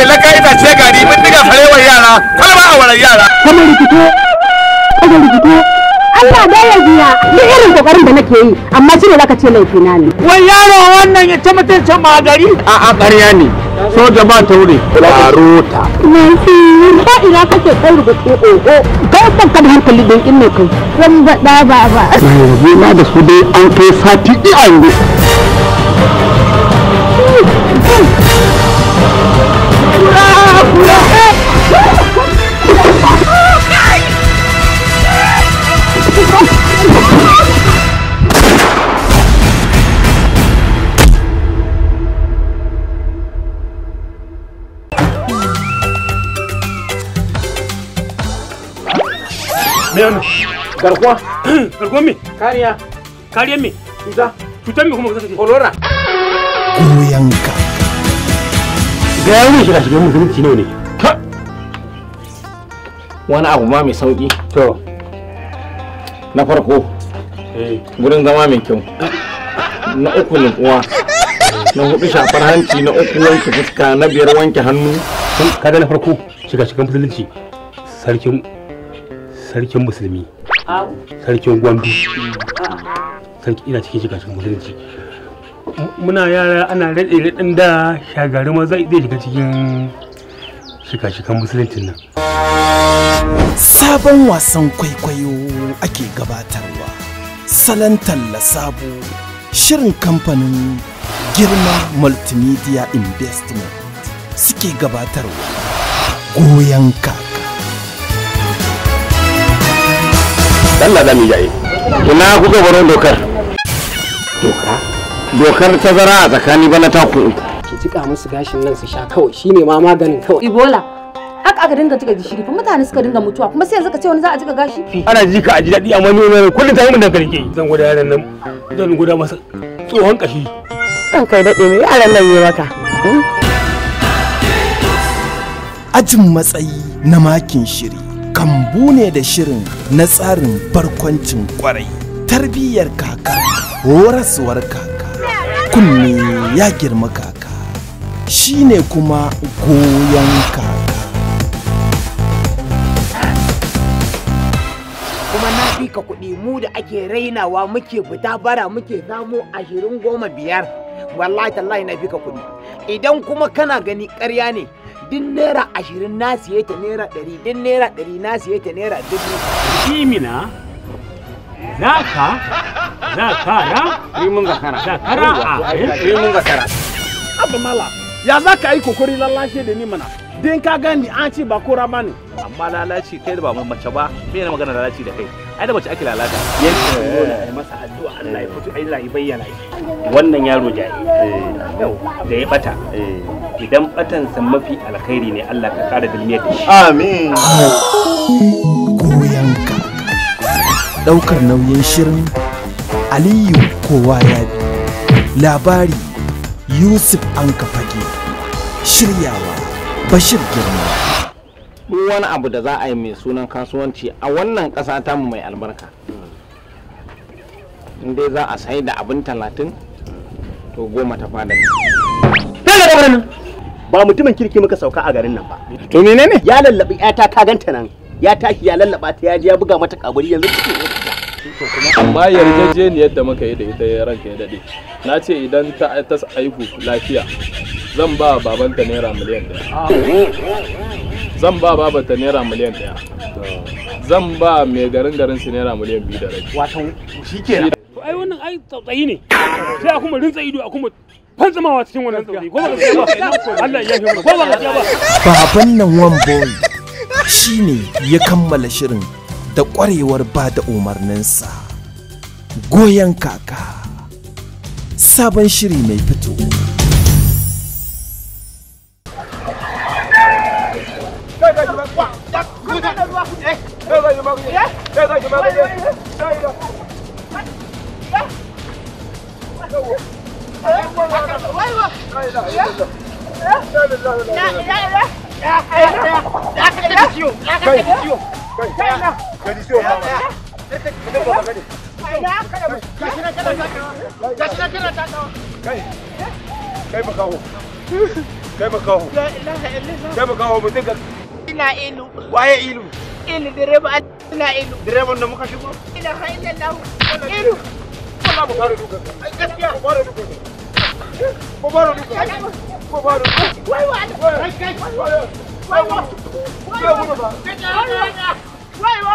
ne laka itace gari bindiga farewar yara kalma a warar yara kamar rikito kamar rikito Allah da ya biya ni irin kokarin da nake yi amma shi ne zaka ce laifi na ne wai yaro wannan ya ta mutuncin ma gari a a ƙarya ne so soja ba taure barota nafi ba ina kake kai rubutu ogo kai ban ka da hankali don in ne kai zan ba da ba ba yanzu n'a da su dai an kai sati iya yanzu hmm, hmm. Menu. kalau Garkuwa me? Kariya. kalian, me? Cuta. Cutar me kuma ka sake? da ya wuce shiga shigar ne ne wani abu ma mai sauki to na farko gurin eh. zama mai kyau na uku kuwa na hudu shafar hanci na uku wanke fuska na biyar wanke hannu kada na farko shiga shigan musulunci sarkin sarkin musulmi sarkin gwambi sarki ina cikin shiga shigan musulunci muna yara ana raɗe raɗin da shagari ma zai shiga cikin shika-shikan musuluncin nan sabon wasan kwaikwayo ake gabatarwa salon talla sabo shirin kamfanin girma multimedia investment suke gabatarwa goyon kaka Allah za mu yi ina kuka baron dokar doka dokar tazara a tsakani ba na taku uku ki jiƙa musu gashin nan su sha kawai shine ma maganin kawai ibola haka aka dinga cika gishiri fa mutane suka dinga mutuwa kuma sai yanzu ka ce wani za a jika gashi ana jika a ji daɗi amma ni wani kullum ta yi mun dankali ke zan gwada yaran nan zan gwada masa tsohon kashi kan kai daɗe mai yaran nan yi maka ajin matsayi na makin shiri kan ne da shirin na tsarin barkwancin kwarai tarbiyyar kaka horaswar kaka kunne ya girma kaka shine kuma goyon kaka kuma na fi ka kuɗi mu da ake rainawa muke fita bara muke samo ashirin goma biyar wallahi tallahi na fi ka kuɗi idan kuma kana gani ƙarya ne din naira ashirin na siye ta naira ɗari din naira ɗari na siye ta naira dubu. Jimina, naka zakara rimin zakara zakara a rimin ah, eh? zakara mala ya za ka yi kokori lalace da ni mana din ka gani an ce ba kora ba ne amma lalaci kai da ba mace ba me ne magana lalaci da kai ai da mace ake lalata yanki eh. ya masa addu'a Allah ya fito Allah ya bayyana wannan yaro jahi eh. da ya bata idan batan san mafi alkhairi ne Allah ka kara dalmiyar da shi amin daukar nauyin shirin aliyu kowa ya bi labari yusuf an kafage shiryawa bashir girma duk wani abu da za a yi mai sunan kasuwanci a wannan ƙasa tamu mai albarka in za a sai da abin talatin to goma ta fada ba mutumin kirki muka sauka a garin nan ba to menene ya lallabi yata ka ganta nan ya tashi ya lallaba ta ya je ya buga mata kaburi yanzu amma yarjejeniyar da muka yi da ita ranka ya daɗe na ce idan ta ta lafiya zan ba babanta naira miliyan ɗaya zan ba babanta naira miliyan ɗaya zan ba mai garin garin su naira miliyan biyu da rai watan shi ke to ai wannan ai tsautsayi ne sai a rinsa ido a kuma cikin wannan tsautsayi ko ba Allah ya yi ko ba ba nan one boy shine ya kammala shirin da ƙwarewar ba da umarninsa goyon kaka sabon shiri mai fito Yeah. gani sai wa mama kada ba gani gashi na kana takawa gashi na kana takawa kai kai ba kawo kai ba kawo kai ba kawo mutum ka ina ilu waye ilu ilu direba ina ilu direban da muka shigo ina hailin lahu ilu Allah mu fara duka ai gaskiya mu fara duka mu fara duka mu fara duka wai wa kai kai wai wa wai wa wai wa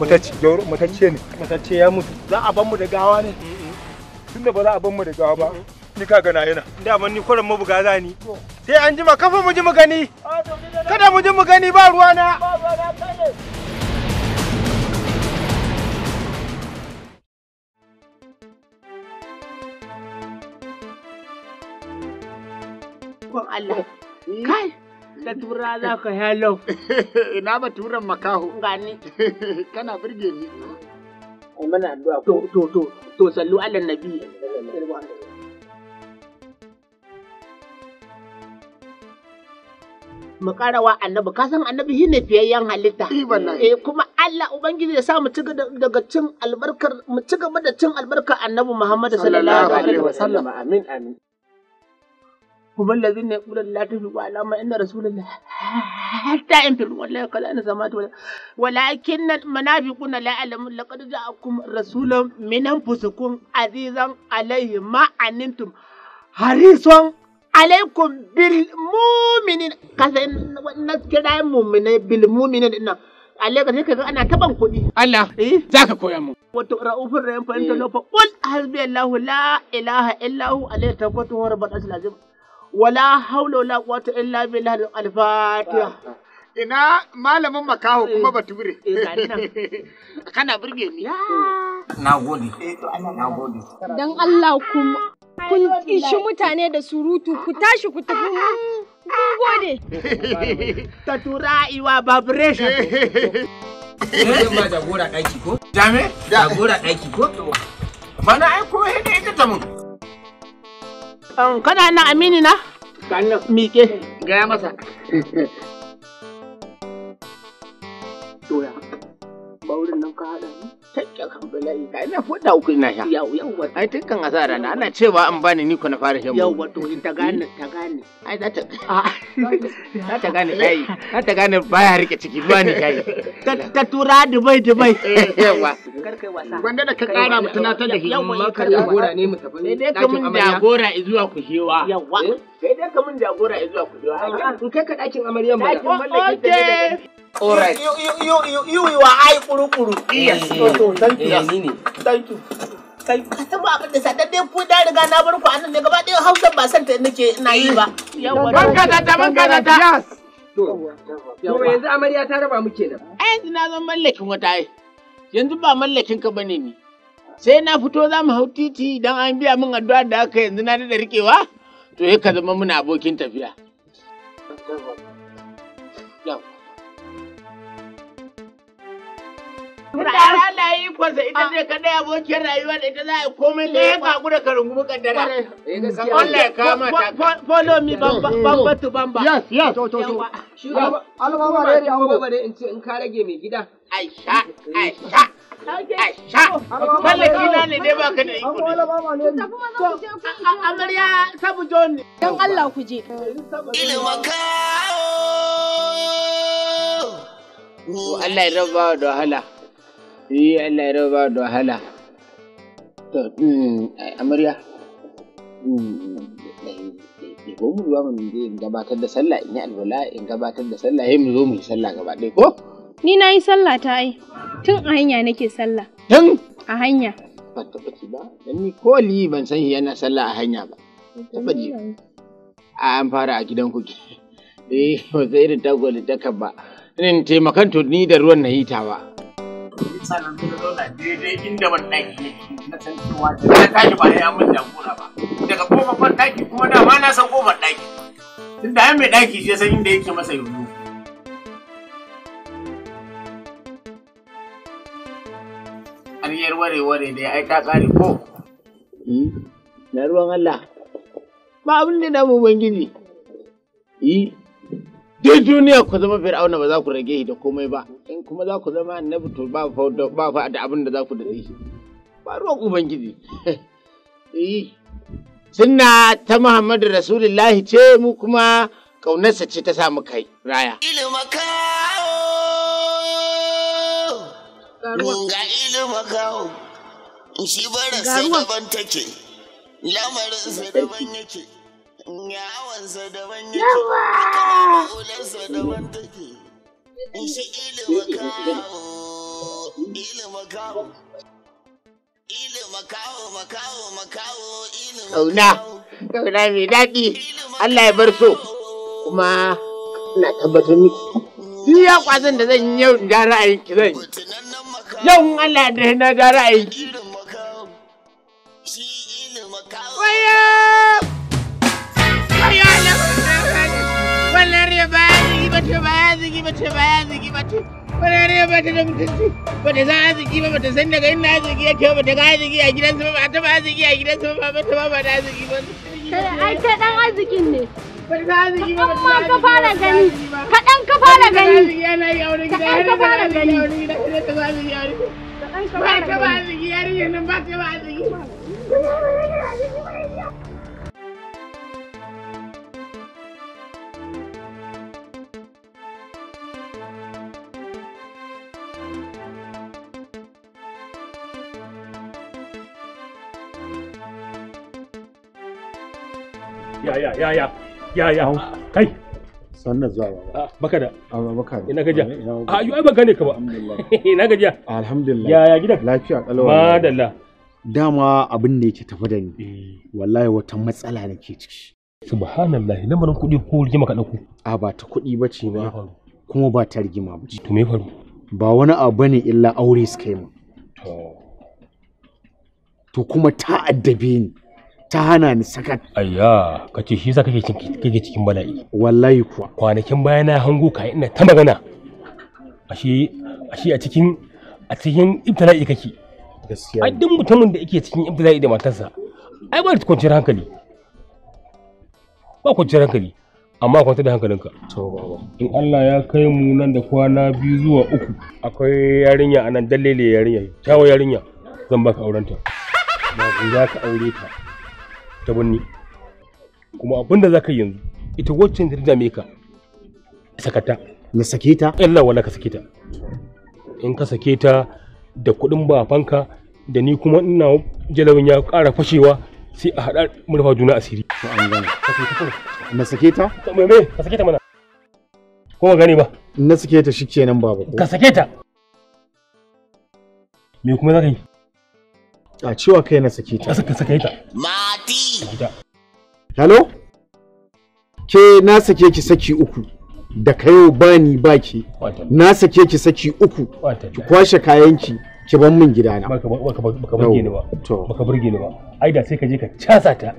matacce gauro matacce ne matacce ya mutu za a ban mu da gawa ne tunda ba za a ban mu da gawa ba ni ka gana yana ban ni kuran mabuga za ni sai an jima kafa mu ji mu gani kada mu ji mu gani ba ruwa na Allah kai ta tura za ka hello ina turan makaho gani kana burge ni muna addu'a to to to to sallu ala nabi mu karawa annabi ka san annabi shine fiyayyen halitta eh, eh kuma Allah ubangiji ya sa mu ci daga cin albarkar mu ci gaba da cin albarkar annabi Muhammad sallallahu alaihi wasallam amin amin kuma lazin ne kula da lati ruwa lamma inna rasulun da in fi ruwan laye na zama tuwa walakin na manafi kuna la alamun laƙadu da akum rasulun minan fusukun azizan alayhi ma'anin tum harison alaikum bil muminin kasa na kira bil muminin ina alaikar sai kaga ana taban kuɗi. Allah, eh, za ka koya mu. Wato ra'ufin rayun fahimta lofa, ƙul hasbiyallahu la ilaha illahu alaikar tabbatuwar ba ɗansu ولا حول ولا قوة illa بالله الفاتحة ina malamin makaho kuma eh, bature eh, kana burge ni na gode eh, na gode dan Allah kuma kun ishi mutane da surutu ku tashi ku tafi ah, ah, mu gode ta tura iwa vibration Yin ma jagora daki ko? Jame? Jagora daki ko? Mana ai ko hede ita ta mun. Kana nan amini na? Kana. Mike. Gaya masa. Doya. Baurin nan ka haɗa ni? take alhamdulillah kai na foda uku ina sha yau yau wa ai tukan asara na ana cewa an bani ni ko na fara shan yau wato ta gane hmm? ta gane ai za ta ah. za ta gane dai za ta gane baya rike ciki ba ni kai ta tura eh, yawa kar kai wasa da ka kara ta da himma ka jagora ne mu tafi dai kamun zuwa yawa sai dai kamun zuwa eh? in kai ka dakin amaryan ba dakin All right. You, kuru eh, eh, oh, eh. kuru. ba sa na anan Hausa ta yi ba. ta ta. yanzu A yanzu Yanzu ba mallakin ka bane ni. Sai na fito za mu hau titi idan an biya min addu'a da aka yanzu na da rikewa. To ya ka zama muna abokin tafiya. Rana na yi kwasa ita ce kadai abokiyar rayuwa da ita za a yi komai da ya kaku da ka gumu kaddara. Allah eh, ya kama ta. Follow me mm. bamba to bamba. Yes, yes. To, to, to. Alba da yadda in ce in ka rage mai gida. Aisha, Aisha. Aisha. Allah ku je. Allah ya raba da wahala. Yi Allah ya ba da wahala. To, mm, amarya. Ko mm, eh, eh, eh, mu zuwa mu je in gabatar da sallah in yi alwala in gabatar da sallah sai mu zo mu yi sallah gaba ɗaya ko? Ni na yi sallah ta ai. Tun a hanya nake sallah. Tun? A hanya. Ba taɓa ba. Dan ni ko liyi ban san yana sallah a hanya ba. Taɓa ji. A an fara a gidan kuki. Eh, ba sai irin tagwali ta kan ba. Irin taimakon to ni da ruwan na hitawa. yasa na zauna inda ban ne na san da na ba ya mun daga kofar ban ɗaki kuma ma na san kofar ɗaki da mai ɗaki shi san inda yake masa yoyo ƙaryar ware-ware dai ai ta ƙare ko eh, na ruwan Allah ba abin da na ubangiji yi eh, duk duniya ku zama fir'auna ba za ku rage yi da komai ba kuma za ku zama annabi to ba fa da abin da za ku dade shi ba ruwan ubangiji eh sunna ta muhammadu rasulullahi ce mu kuma ƙaunarsa ce ta samu kai raya ga ilimin kawo shi bara sai daban take lamarin lamarinsa daban yake yawansa daban yake kamar ma'ularsa daban take Ishi ilimin kawo, mai daɗi, Allah ya bar so, kuma na tabbatar miki. ya kwazon da zan yi da ra'ayin ki zan yi. Yau in Allah da da ki. Waya! Waya na ba mace kwararre ba ta da mutunci ba ta ba ba ta san daga ba ta ga a gidansu ba ba ta ba a gidansu ba ba ta ba ba ba ai ta dan arzikin ne amma ka fara gani ka fara gani kaɗan ka fara gani kaɗan ka fara gani ya ya ya ya ya ya kai sannan zuwa baba ah, baka da baka da ina gajiya a yi ai baka ne ka ba ina gajiya alhamdulillah ya ya gidan lafiya kalau madalla dama abin da yake tafi da ni eh. wallahi wata matsala ne ke ciki subhanallahi lamarin kuɗi ko rigima ka ɗauko a ba ta kuɗi ba ce ba kuma ba ta rigima ba ce to me faru ba wani abu ne illa aure suka yi mu to kuma ta addabe ni ta hana ni sakat. Ayya, ce shi yasa kake kake cikin bala'i. Wallahi kuwa. Kwanakin baya na hango ka ina ta magana. Ashe ashe a cikin a cikin ibtila'i kake. Gaskiya. Ai duk mutumin da yake cikin ibtila'i da matarsa ai ba kwanciyar hankali. Ba kwanciyar hankali. Amma kwanta da hankalinka. To baba. In Allah ya kai mu nan da kwana biyu zuwa uku. Akwai yarinya anan dallele yarinya. Tawo yarinya. Zan baka aurenta. Ba za ka aure ta. ta binni kuma abinda za ka yanzu ita wacce ta dame ka sakata na sake ta illa wala ka sake ta in ka sake ta da kuɗin bafanka da ni kuma ina jalawin ya ƙara fashewa sai a haɗa murfa juna asiri na sake ta me me ka sake ta mana ko ba gane ba na sake ta shikenan baba ka sake ta me kuma za ka yi a cewa kai na sake ta ka sake ta su fita hello ke na sake ki saki uku da kayo bani baki na sake ki saki uku ki kwashe kayanki ki ban min gidana baka burge ni ba baka burge ni ba ai da sai ka je ka casa ta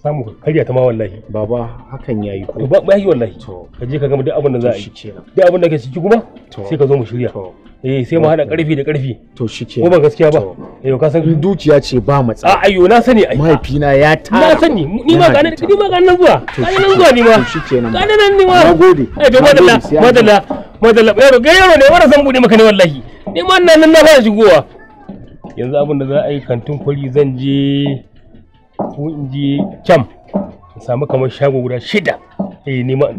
samu ka karya ta ma wallahi baba hakan yayi ko ba yayi wallahi to ka je ka gama duk abin da za a yi duk abin da ke ciki kuma sai ka zo mu shirya eh sai mu hada karfi da karfi to shike ko ba gaskiya ba yau ka san dukiya ce ba matsa a ayo na sani ai mahaifina ya ta na sani ni ma ganin ni ma ganin zuwa ganin zuwa ni ma ganin nan ni ma gode ai to madalla madalla madalla yaro ga yaro ne wanda san bude maka ne wallahi ni ma nan nan na fara shigowa yanzu abin da za a yi kantin kwari zan je ko in je cam samu kamar shago guda shida eh ni ma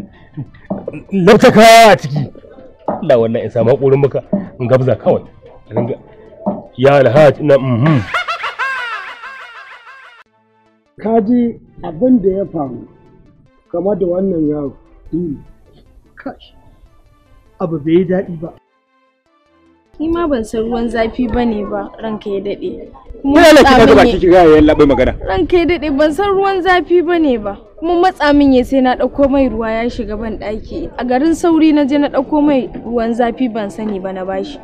lautaka a ciki Allah wallahi in samu hakurin maka in gabza kawai ya alhaji na mhm kaji abin da ya faru kamar da wannan yaro abu bai yi daɗi ba ni ma ban san ruwan zafi ba ne ba ranka ya daɗe kuma matsa min ya baki kiga ya labe magana ranka ya daɗe ban san ruwan zafi ba ne ba kuma matsa min ya sai na ɗauko mai ruwa ya shiga ban ɗaki a garin sauri na je na ɗauko mai ruwan zafi ban sani ba na bashi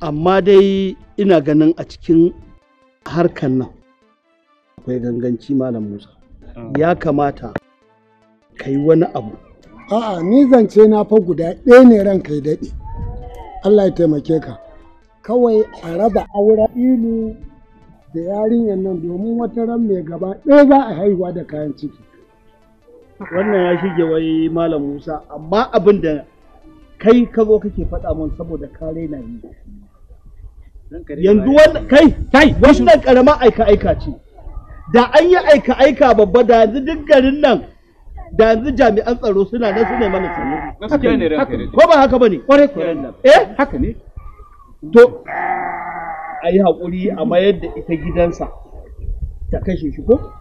amma dai ina ganin a cikin harkan nan akwai ganganci malam musa ah. ya kamata ka yi wani abu a'a ni zance na fa guda ɗaya ne ran kai daɗe allah ya taimake ka kawai a raba aura ilu da yarinyar nan domin wata ran mai gaba ɗaya za a haihuwa da kayan ciki wannan ya shige wai malam musa amma abin da kai ka zo kake faɗa mun saboda kare na yi. yanzu wannan kai kai wannan karama aika aika ce da an yi aika aika babba da yanzu duk garin nan da yanzu jami'an tsaro suna nan suna mana tsaro ko ba haka bane kwarai kwarai eh? eh haka ne to ayi hakuri haƙuri a mayar da ita gidansa ta kashe shi ko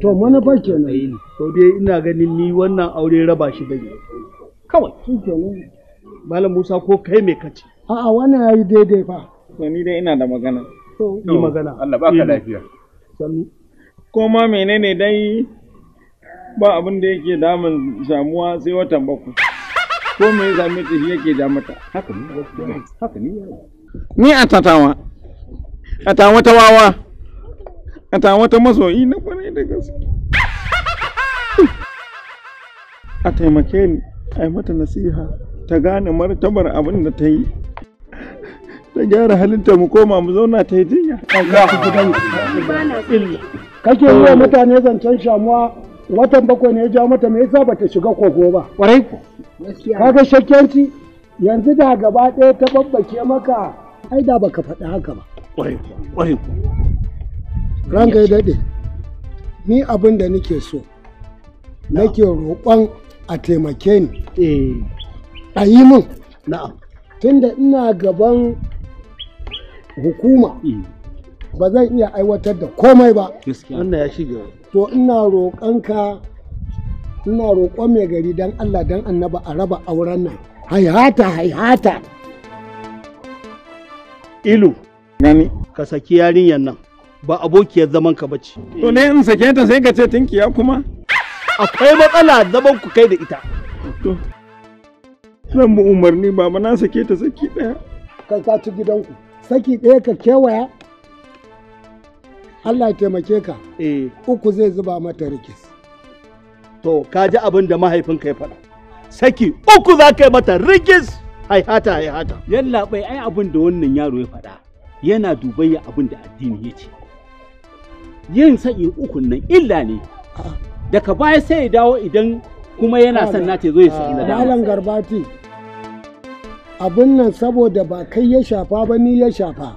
to mana ba kenan to dai ina ganin ni wannan aure raba shi bane kawai malam musa ko kai me kace a'a wannan yi daidai fa to ni dai ina da magana to yi magana Allah baka lafiya ko ma menene dai ba abin da yake damun samuwa sai watan bakwai ko me ya same ta yake damata? mata haka ne haka ne ni a tatawa a ta wata wawa a ta wata masoyi na kwarai da gaske a taimake ni a yi mata nasiha ta gane martabar abin da ta yi ta gyara halinta mu koma mu zauna ta yi jinya kake yi wa mutane zancen shamuwa watan bakwai ne ya ja mata me yasa bata shiga kogo ba kwarai ku kaga shakkenci yanzu da gaba ɗaya ta babbake maka ai da baka faɗi haka ba kwarai ku kwarai ku daɗe ni abin da nake so nake roƙon a taimake ni eh. a yi min na'am tunda ina gaban hukuma eh. ba zan iya aiwatar da komai ba wannan ya shiga to ina roƙonka ina roƙon mai gari dan Allah dan annaba a raba auren nan haihata haihata ilu nani ka saki yarinyar nan ba abokiyar zaman ka bace to ne in sake ta sai ka ce tinkiya kuma akwai matsala zaman ku kai da ita to zan mu umarni ba na sake ta saki daya kai ka ci gidanku saki ɗaya ka kewaya Allah ya taimake ka eh. uku zai zuba mata rikis to ka ji abin da mahaifinka ya faɗa saki uku za ka yi mata rigis haihata haihata yalla bai ai abin da wannan yaro ya faɗa yana duban ya abin da addini ya ce yin saki uku nan illa ne daga baya sai ya dawo idan kuma yana son na ce zo ya saki na ah, malam garbati abin nan saboda ba kai ya shafa ba ni ya shafa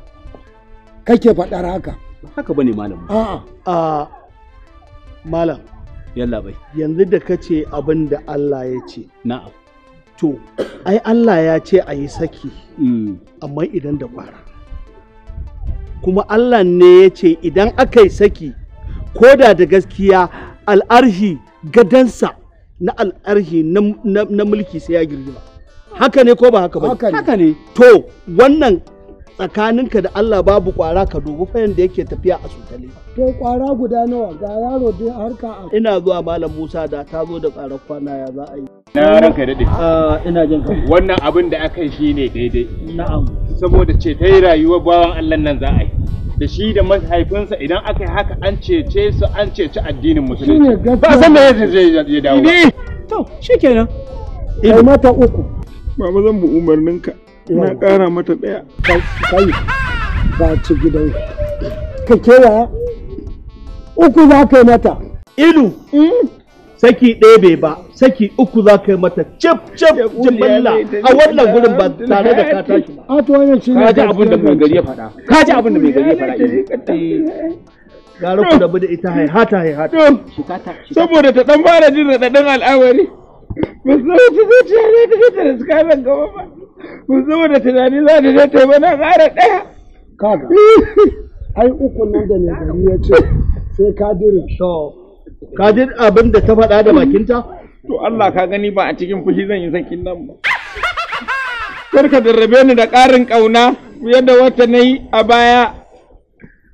kake faɗar haka haka bane malam a'a a malam yalla bai yanzu da kace abin da Allah ya ce na'am to ai Allah ya ce a yi saki mm. amma idan da kwara kuma Allah ne ya ce idan aka yi saki ko da da gaskiya al'arhi gadansa na al'arhi na mulki sai ya girgiza haka ne ko ba haka ba haka ne to wannan tsakaninka da Allah babu kwara ka dubi fa yanda yake tafiya a sutale to kwara guda nawa ga yaro dai harka a ina zuwa malam Musa da ta zo da kwara kwana ya za a yi na ranka dade ah, ina jin ka wannan abin da aka yi shine daidai na'am saboda ce ta yi rayuwar bawan Allah nan za a yi da shi da mahaifinsa idan aka yi haka an cece su an cece addinin musulunci ba san me zai dawo to shikenan ai mata uku Baba zan bi umarninka. Ina ƙara mata ɗaya. Kai, ba ci gidan. Ka kewa uku za ka yi mata. Ilu. Hmm? Saki ɗaya bai ba, saki uku za ka yi mata cif cif jimilla a wannan gurin ba tare da ka tashi ba. A to wannan shi ne. Ka ji abin da mai gari ya faɗa. Ka ji abin da mai gari ya faɗa. Eh. gara ku da bude ita haihata haihata hmm. saboda ta dan fara jin raɗaɗin al'awari ba su wuce zuciya ne ta fita da suka zan gaba ba ba su da tunani za ta ta mana ƙara ɗaya kaga ai uku nan da mai gari ya ce sai ka dire to ka ji abin da ta faɗa da bakinta to Allah ka gani ba a cikin fushi zan yi sakin nan ba kar ka darrabe ni da ƙarin ƙauna yadda wata na yi a baya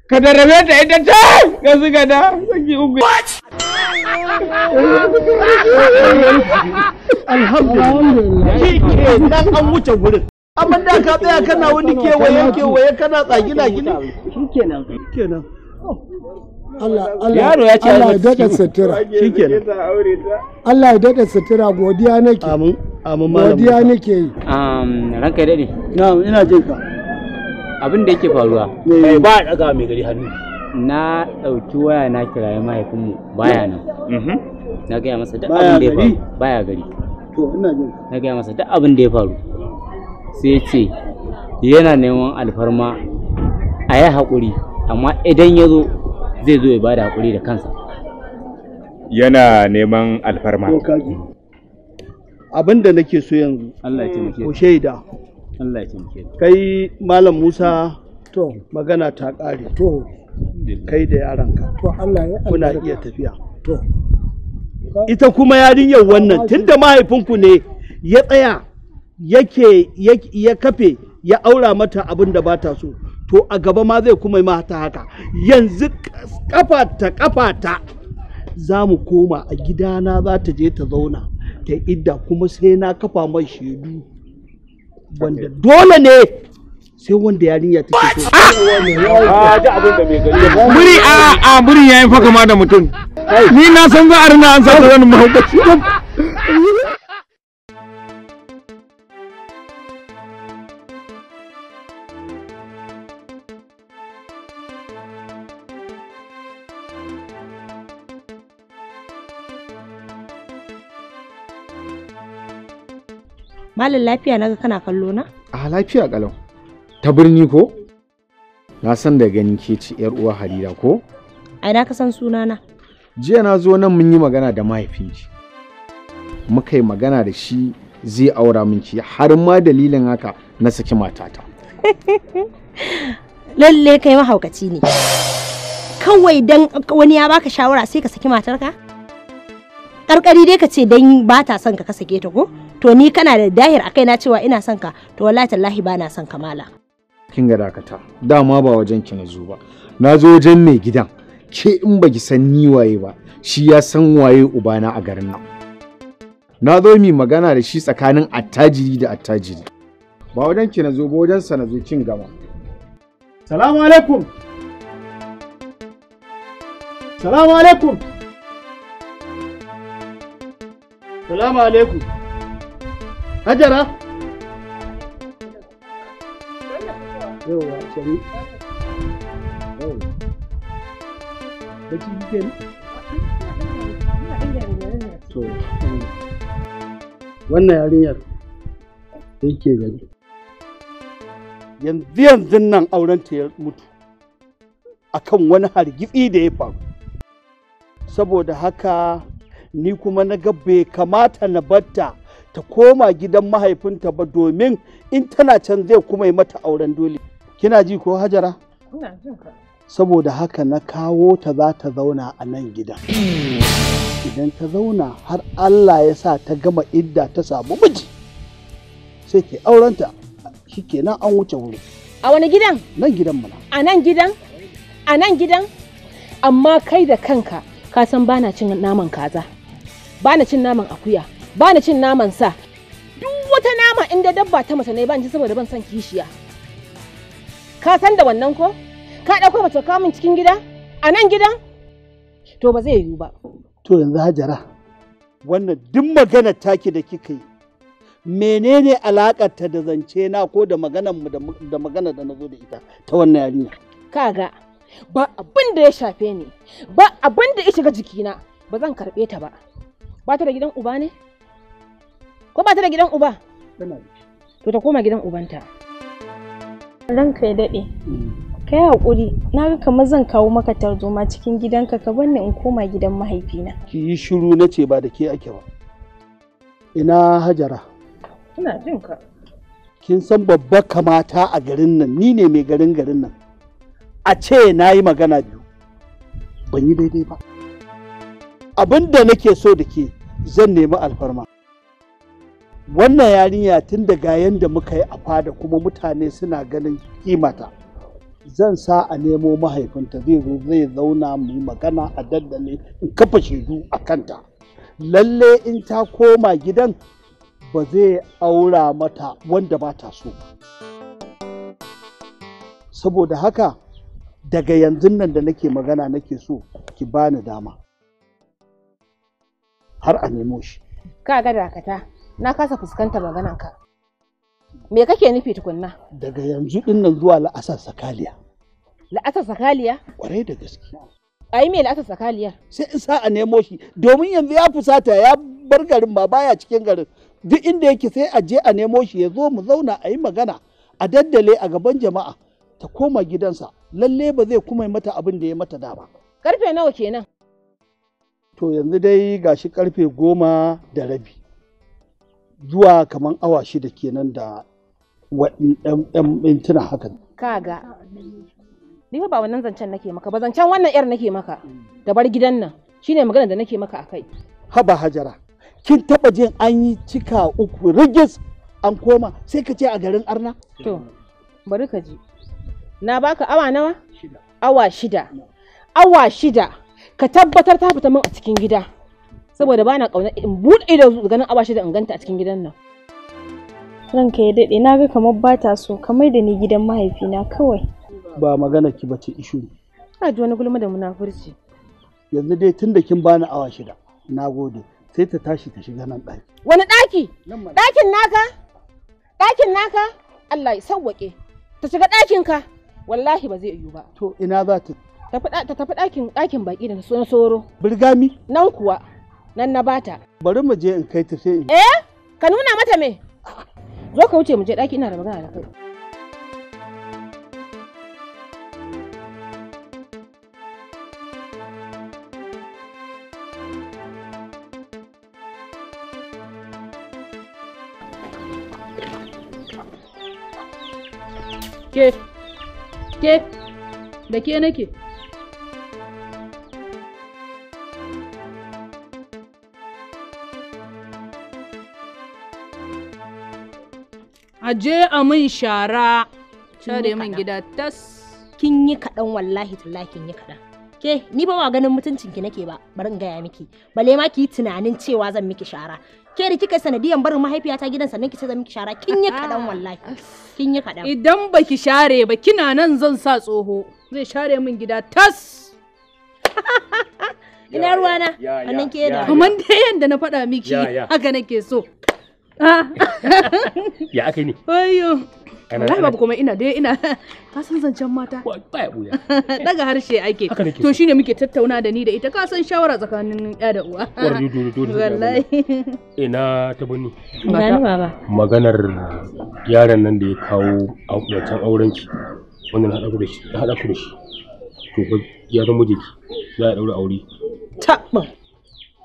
ka darrabe ta ita ta gasu gada saki uku alhamdulillah ka tsaya wani kewaye kewaye kana tsagina Allah ya sutura sutura godiya nake amin amin malam godiya ina jin ka abin yake faruwa ba daga mai gari hannu na ɗauki waya na kirayi mahaifinmu baya nan mhm. na gaya masa duk abin da ya faru baya gari na gaya masa duk abin da ya faru sai ce yana neman alfarma a yi haƙuri amma idan ya zo zai zo ya ba da haƙuri da kansa yana neman alfarma abin da nake so yanzu Allah ya taimake ku shaida Allah ya taimake kai malam Musa to magana ta ƙare to kai da yaranka kuna iya tafiya ita kuma yarinyar wannan tunda mahaifinku ne ya tsaya yake ya kafe ya aura mata abin da bata so to a gaba ma zai kuma mata haka yanzu kafata kafata za mu koma a gidana za ta je ta zauna ta idda kuma sai na kafa mai shaidu wanda dole ne sai wanda yarinya take so a ah, ji abin da mai gari muri a a muri yayin fa kama da mutum ni na san za a an sa wani mahaukaci Malam lafiya naga kana kallo na? A ah, lafiya galau. ta birni ko na san da ganin ke ci yar uwa harira ko ai na kasan sunana jiya na zo nan mun yi magana da mahaifinki muka yi magana da shi zai aura ki har ma dalilin haka na saki matata lalle kai mahaukaci ne kawai dan wani ya baka shawara sai ka saki matarka karkari dai ka ce dan ba ta son ka ka sake ta ko to ni kana da dahir kai na cewa ina son ka to wallahi tallahi ba na son ka mala kin ga dakata dama ba wajen ki na zo ba na zo wajen mai gidan ke in ba ki san ni waye ba shi ya san waye ubana a garin nan na zo mi magana da shi tsakanin attajiri da attajiri ba wajen ki na zo ba wajen sa na zo kin gama salamu alaikum salamu alaikum salamu alaikum hajara yau wa shari to wannan yarinyar yake gani yanzu yanzu nan auren ta ya mutu akan wani hargitsi da ya faru saboda haka ni kuma na ga bai kamata na batta ta koma gidan mahaifinta ba domin in tana can zai kuma yi mata auren dole kina ji ko hajara saboda haka na kawo ta za ta zauna a nan gidan idan ta zauna har allah ya sa ta gama idda ta samu miji sai ke aurenta shi kenan an wuce wuri a wani gidan nan gidan mana a nan gidan a nan gidan amma kai da kanka ka san bana cin naman kaza bana cin naman akuya bana cin naman sa duk wata nama inda dabba ta mace ne ban saboda ban san kishiya ka san da wannan ko ka ɗauko mace kamun cikin gida a nan gida? to ba zai yiwu ba to yanzu hajara wannan duk magana take da kika yi menene ta da zance na ko da maganar mu da maganar da nazo da ita ta wannan yarinya kaga ba abin da ya shafe ni ba abin da ya shiga jikina ba zan karɓe ta ba ba ta da gidan uba ne ko ba ta da gidan uba to ta koma gidan ubanta ranka ya daɗe mm. ka yi haƙuri na ga kamar zan kawo maka tarzoma cikin gidanka ka bar in koma gidan mahaifina ki yi shiru na ce ba da ke ake ba ina hajara ina jin ka kin san babba kamata a garin nan ni ne mai garin garin nan a ce na yi magana biyu ban yi daidai ba abin nake so da ke zan nemi alfarma wannan yarinya tun da yadda muka yi a fada kuma mutane suna ganin kimata zan sa a nemo mahaifinta zai zo zai zauna mu magana a daddane in kafa shaidu a kanta lalle in ta koma gidan ba zai aura mata wanda ba ta so saboda haka daga yanzu nan da nake magana nake so ki bani dama har a nemo shi ka ga dakata na kasa fuskantar maganar me kake nufi tukunna daga yanzu nan zuwa la'asar sakaliya la'asar sakaliya kwarai da gaske a me mai la'asar sakaliyar sai in sa a nemo shi domin yanzu ya fusata ya bar garin ma baya cikin garin duk inda yake sai a je a nemo shi ya zo mu zauna a yi magana a daddale a gaban jama'a ta koma gidansa lalle ba zai kuma mata abin da ya mata da ba karfe nawa kenan to yanzu dai gashi karfe goma da rabi zuwa kamar awa shida kenan da ɗan mintuna haka. Kaga, ni ba wannan zancen nake maka ba zancen wannan yar nake maka da bar gidan nan shine magana da nake maka akai. Haba Hajara, kin taba jin an yi cika uku rigis an koma sai ka ce a garin Arna? To, bari ka ji. Na baka awa nawa? Awa shida. Awa shida. Ka tabbatar ta fita min a cikin gida. saboda bana kauna in buɗe ido ganin abashi da inganta a cikin gidan nan ranka ya daɗe na ga kamar ba ta so kamar da ni gidan mahaifina kawai ba magana ki bace ishu a ji wani gulma da munafurci yanzu dai tun da kin bani awa shida na gode sai ta tashi ta shiga nan ɗaki wani ɗaki ɗakin naka dakin naka Allah ya sauwake ta shiga ɗakin ka wallahi ba zai yiwu ba to ina za ta tafi ɗakin dakin baki da na soro birgami nan kuwa nan na bata bari mu je in kai ta sai eh ka nuna mata me zo ka wuce mu je daki ina da magana da kai Ke, ke, da ke nake. aje a min shara share min gida tas kin yi kaɗan wallahi tallahi kin yi kaɗan ke ni ba ma ganin mutuncin ki nake ba bari in gaya miki bale ma ki tunanin cewa zan miki shara ke da kika sanadiyan barin mahaifiyata gidan sannan ki ce zan miki shara kin yi kaɗan wallahi ah, ah. kin yi kaɗan idan baki share ba kina nan zan sa tsoho zai share min gida tas ina ruwana annan ke da kuma da yanda na faɗa miki haka nake so ya aka yi ne wayo wallahi babu kuma ina dai ina ka san zancen mata ba ya buya daga harshe ake to shine muke tattauna da ni da ita ka san shawara tsakanin ya da uwa wallahi ina ta bani maganar yaron nan da ya kawo wancan auren ki na hada ku da shi hada ku da shi to ya zama jiki za a daura aure taɓa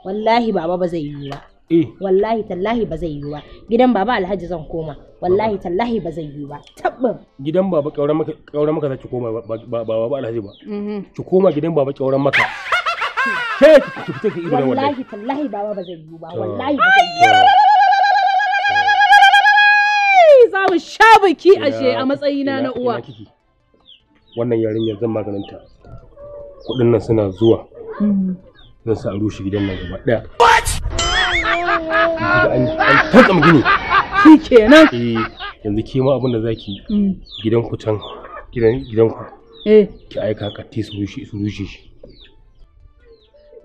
wallahi baba ba zai yi ba Eh. wallahi tallahi ba zai yi ba gidan baba alhaji zan koma wallahi tallahi ba zai yi ba tabbin gidan baba kauran maka kauran maka zaki koma ba baba alhaji ba mm-hmm. ki koma gidan baba kauran maka ke ki fita ki ido wallahi tallahi baba ba zai yi ba wallahi ba zai yi ba za mu sha biki ashe a matsayina na uwa. Wannan yarinya zan maganinta. Kuɗin nan suna zuwa. Mm-hmm. Zan sa a rushe gidan nan gaba ɗaya. an tantsam gini shi kenan eh yanzu ke ma abin da zaki mm. gidan ku can gidan gidan ku eh ki aika katti su rushe su rushe shi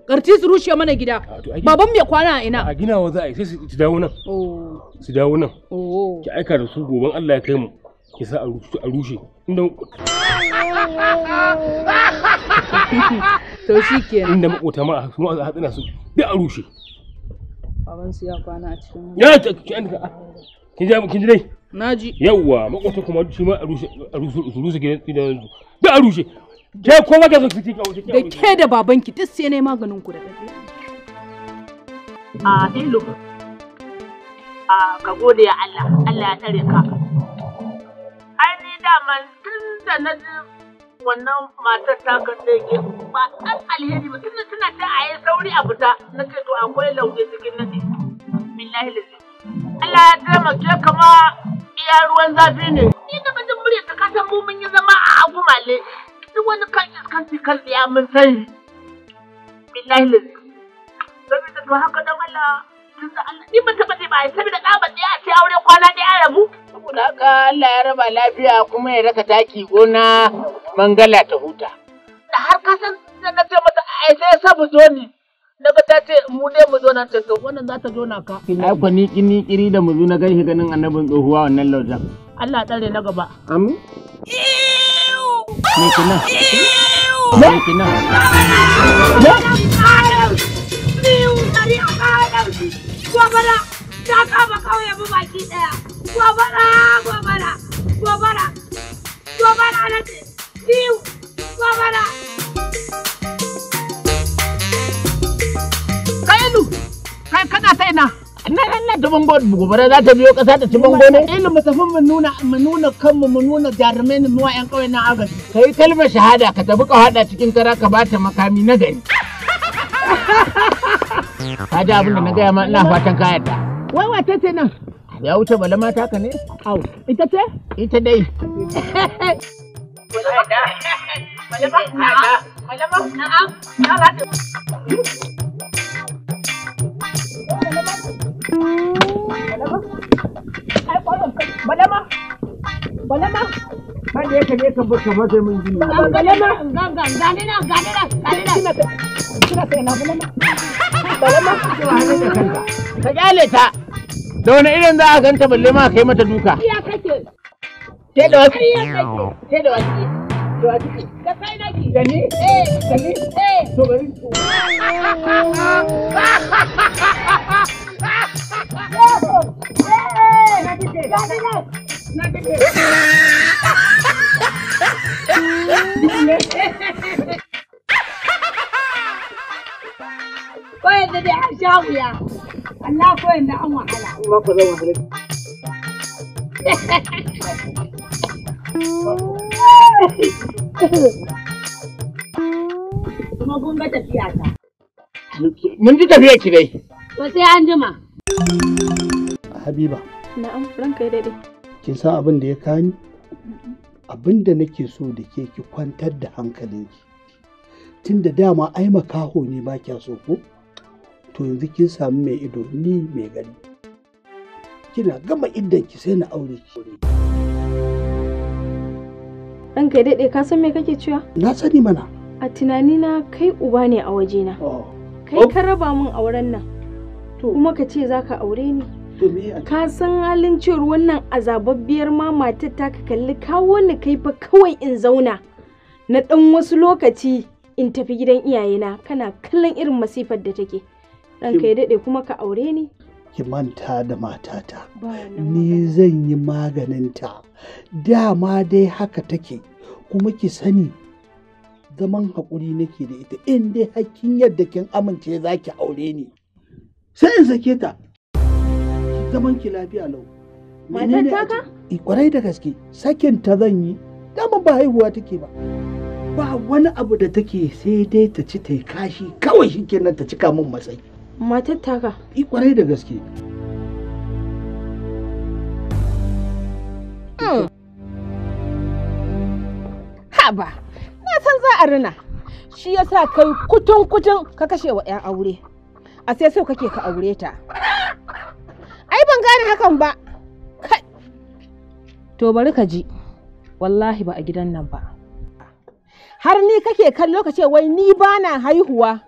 karti su rushe mana gida baban mai kwana a ina a ginawa za a yi sai su dawo nan su dawo nan oh. oh. ki aika da su goben Allah ya kai mu ki sa a rushe inda to shi kenan inda makota ma a hatsina su duk a rushe baban su ya kwana a cikin ya kin kin ji kuma shi ma a rushe rushe gidan da ke da babanki duk sai nayi maganin ku da a a ka gode ya Allah Allah ya tare ka ai ni tun da na wannan matar ta kan yake ba ɗan alheri ba tunda tana ta a yi sauri a fita na ce to akwai lauje cikin nake billahi lazi Allah ya taimake kama iya ruwan zafi ne ni da bajin murya ta kasan mu mun yi zama a agumale duk wani kan iskanci kan ya mun sani billahi lazi saboda to haka don Allah Ni ban taɓa ce ba saboda ɗa ba ɗaya ce aure kwana ɗaya rabu. Saboda haka Allah ya raba lafiya kuma ya raka taki gona mangala ta huta. Da har ka da na ce mata ya sai sa mu zo ta ce mu dai mu zo nan to wannan za ta zo na ka. Ai kwa ni kini kiri da mu zo na gaishe ganin annabin tsohuwa wannan laujan. Allah tsare na gaba. Amin. Me kenan? Me kenan? Me? Me? Me? Me? Me? Me? Me? Me? Me? gobara ta kama kauye mu baki daya gobara gobara gobara gobara na ce biyu gobara kainu kai kana ta ina na nan na taban gobara za ta biyo kasa ta ci bango ne ilu mu tafi mu nuna mu nuna kanmu mu nuna jarumai mu wa yan kauye na agaji kai kalmar shahada ka tafi ka hada cikin kara ka bata makami na gani. Ka ji abin da na gaya ma ina fatan ka yadda. Wai wace ce nan? Ya wuce bala mata ka ne? Au, ita ce? Ita dai. Balama, balama kan da yake ne ka bar ka bace min jini balama ga ga ga ne na ga ne na ga ne na kina kai na balama balama ki wani da kanka ka kyale ta da wani irin za a ganta balle ma kai mata duka iya kake sai da wasu sai da wasu da wasu ka sai da ni eh da ni eh to bari Yeah! Koyar da dai an sha wuya, Allah koyar wahala. Mun ji tafiya ki dai. To sai an jima. Habiba. Na'am, ranka ya daɗe. Kin san abin da ya kani? Abin da nake so da ke ki kwantar da hankalinki. Tun da dama ai makaho ne ba kya so ko? To yanzu kin samu mai ido ni mai gani. Kina gama idan ki sai na aure ki. Ranka ya daɗe ka san me kake cewa? Na sani mana. A tunanina kai uba ne a wajena. Oh. Kai ka oh. raba min auren nan. Kuma ka ce za ka aure ni. ka san halin cewar wannan azababbiyar ma matar ta ka kalli kawo ni kai fa kawai in zauna na ɗan wasu lokaci in tafi gidan iyayena kana kallon irin masifar da take ranka ya daɗe kuma ka aure ni ki manta da matata ni zan yi maganinta dama dai haka take kuma ki sani zaman haƙuri nake da ita in dai hakkin yadda kin amince za ki aure ni sai in sake ta zaman ki lafiya lau Matan taka eh, kwarai da gaske sakin ta zan yi dama ba haihuwa take ba ba wani abu da take sai dai ta ci ta kashi kawai shi kenan ta cika min matsayi Matan taka eh, kwarai da gaske hmm. haba na san za a rina shi ya sa kai kutun kutun ka kashe wa 'yan aure a sai sau kake ka aure ta ai ban gane hakan ba to bari ka ji wallahi ba a gidan nan ba har ni kake kan lokaci wai ni ba na haihuwa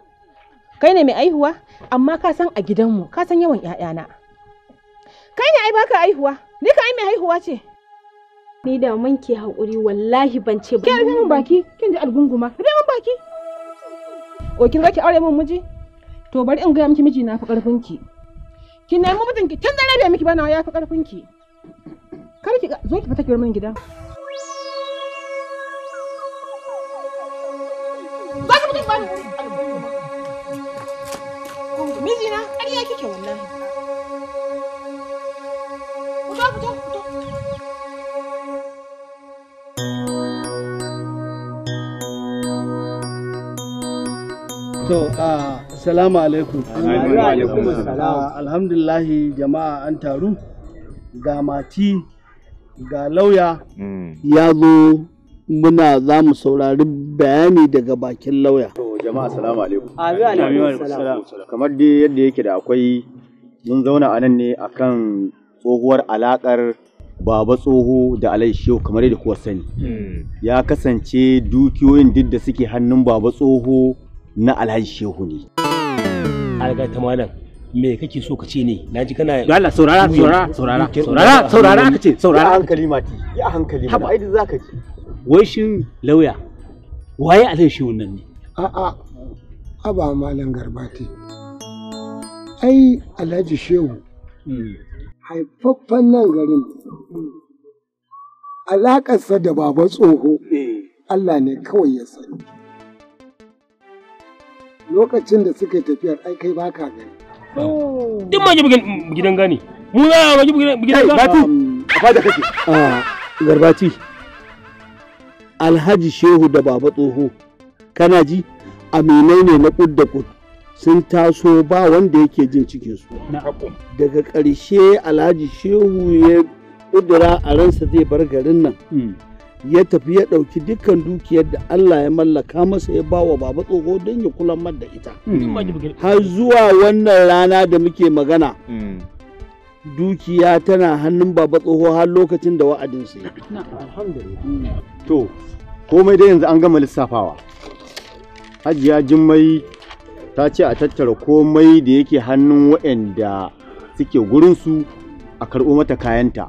kai ne mai haihuwa amma ka san a gidanmu ka san yawan 'ya'yana kai ne ai baka haihuwa ni ka ai mai haihuwa ce ni da mun ke haƙuri wallahi ban ce ba ke rufe min baki kin ji algunguma rufe min baki o kin zaki aure mun miji to bari in ga miki miji na fi karfin ki ki nemi mijinki tun da rabe miki bana ya fi karfin ki kar ki zo ki fita ki min gida ba ki fita ƙarya kike fito fito fito to ah Assalamu alaikum. Ah, Alhamdulillahi jama'a an taru ga mati ga lauya hmm. ya zo muna za mu saurari bayani daga bakin lauya. Jama'a salamu alaikum. Kamar dai yadda yake da akwai mun zauna a nan ne akan tsohuwar alaƙar baba tsoho da alai shehu kamar yadda kuwa sani hmm. ya kasance dukiyoyin duk da suke hannun baba tsoho na alhaji shehu ne ga ta malam me kake so ka ce ne na ji kana ya Allah saurara saurara saurara saurara saurara aka ce saurara ya hankali mati ya hankali mati ai za ka ci wai shin lauya waye a shi wannan ne a'a ba malam garbati ai alhaji shehu hmm. haifaffen nan garin alaƙarsa da baba tsoho hmm. Allah ne kawai ya sani lokacin da suka yi tafiyar ai kai ba ka gani. Duk ma gidan gani. Mu na ma gidan gani. Batu, a fada kake. Ah, Garbati, Alhaji Shehu da Baba Tsoho, kana ji aminai ne na kud da kud. Sun taso ba wanda yake jin cikinsu. Daga ƙarshe Alhaji Shehu ya ƙudura a ransa zai bar garin nan. Hmm. ya tafi ya ɗauki dukkan dukiyar da Allah ya mallaka masa ya bawa baba tsoho don ya kula da ita. Hmm. Har zuwa wannan rana da muke magana. Hmm. Dukiya tana hannun baba tsoho har lokacin da wa'adin ya. Hmm. To, komai da yanzu an gama lissafawa. Hajiya Jummai ta ce a tattara komai da yake hannun waɗanda suke gurinsu a karɓo mata kayanta.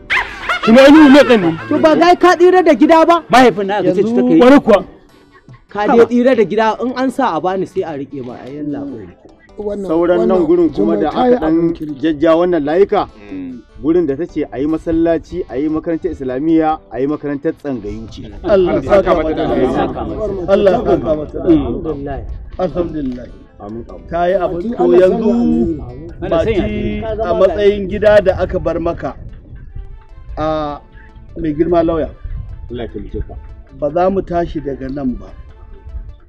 kuma yi ne tsani. To ba gai ka tsira da gida ba. Mahaifin na ga ce ta kai. Wani kuwa. Ka je tsira da gida in an sa a bani sai a rike ba. a labari Sauran nan gurin kuma da aka dan jajja wannan layuka. Hmm. gurin da ta ce a yi masallaci a yi makarantar islamiyya a yi makarantar tsangayu Allah ya saka mata Allah ya saka mata Alhamdulillah. Ta yi abu to yanzu baki a matsayin gida da aka bar maka. a mai girma lauya ba za mu tashi daga nan ba